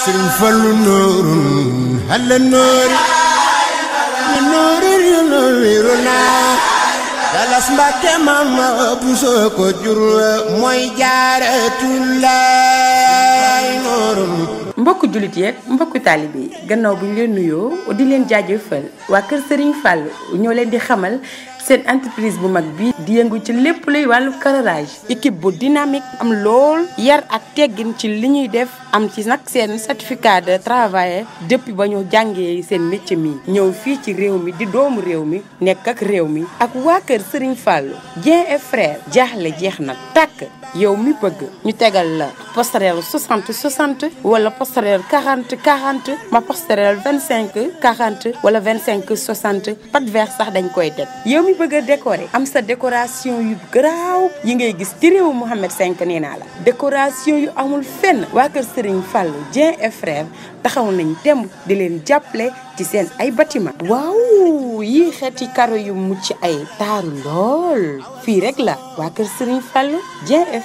Serigne Fallou nuurun ala nuuri mi nuuri rino wiru naa Galas Mbàkke mama Buso ko jur mooy Jaaratullaay nuurun mbokk jullit yeeg mbokku taalibe gannaaw bu ñu leen nuyoo di leen jaajëfal waa kër Serigne Fall ñoo leen di xamal seen entreprise bu mag bi di yëngu ci lépp luy wàllu carrelage équipe bu dynamique am lool yar ak teggin ci li ñuy def am ci nag seen certificat de travail depuis ba ñu jàngee seen métier mi ñëw fii ci réew mi di doomu réew mi nekk ak réew mi ak waa kër Serigne Fallou Dieng et frère jaaxle jeex na takk yow mi bëgg ñu tegal la postérieur 60 60 wala postérieur 40 40 ma postérieur 25 40 wala 25 60 pat vers sax dañ koy teg yow mi bëgg a am sa décoration yu garaaw yi ngay gis ci réewu Mohamed cinq nee naa la décoration yu amul fenn waa kër Serigne Fallou Dieng et frère taxaw nañ temb di leen jàppale ci seen ay bâtiment waaw yii xeeti karo yu mucc ay taaru lool fii rek la waa kër Serigne Fallou Dieng et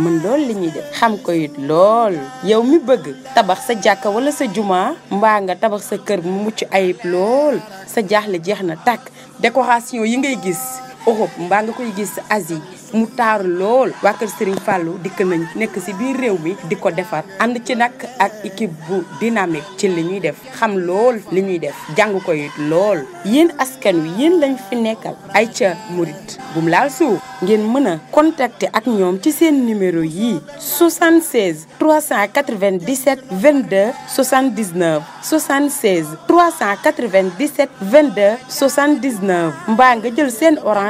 mën lool li ñuy def xam ko lool yow mi bëgg tabax sa jàkk wala sa jumaa mbaa nga tabax sa kër mu mucc ayib lool sa jaaxle jeex na tàkk décoration yi ngay gis Europe mbaa nga koy gis Asie mu taar lool waa kër Serigne Fallou dikk nañ nekk si biir réew mi di ko defar ànd ci nag ak équipe bu dynamique ci li ñuy def xam lool li ñuy def jàng ko lool yéen askan wi yéen lañ fi nekkal ay ca murit bu mu laal suuf ngeen mën a contacter ak ñoom ci seen numéro yii 76 397 22 79 76 397 22 79 mbaa nga jël seen orange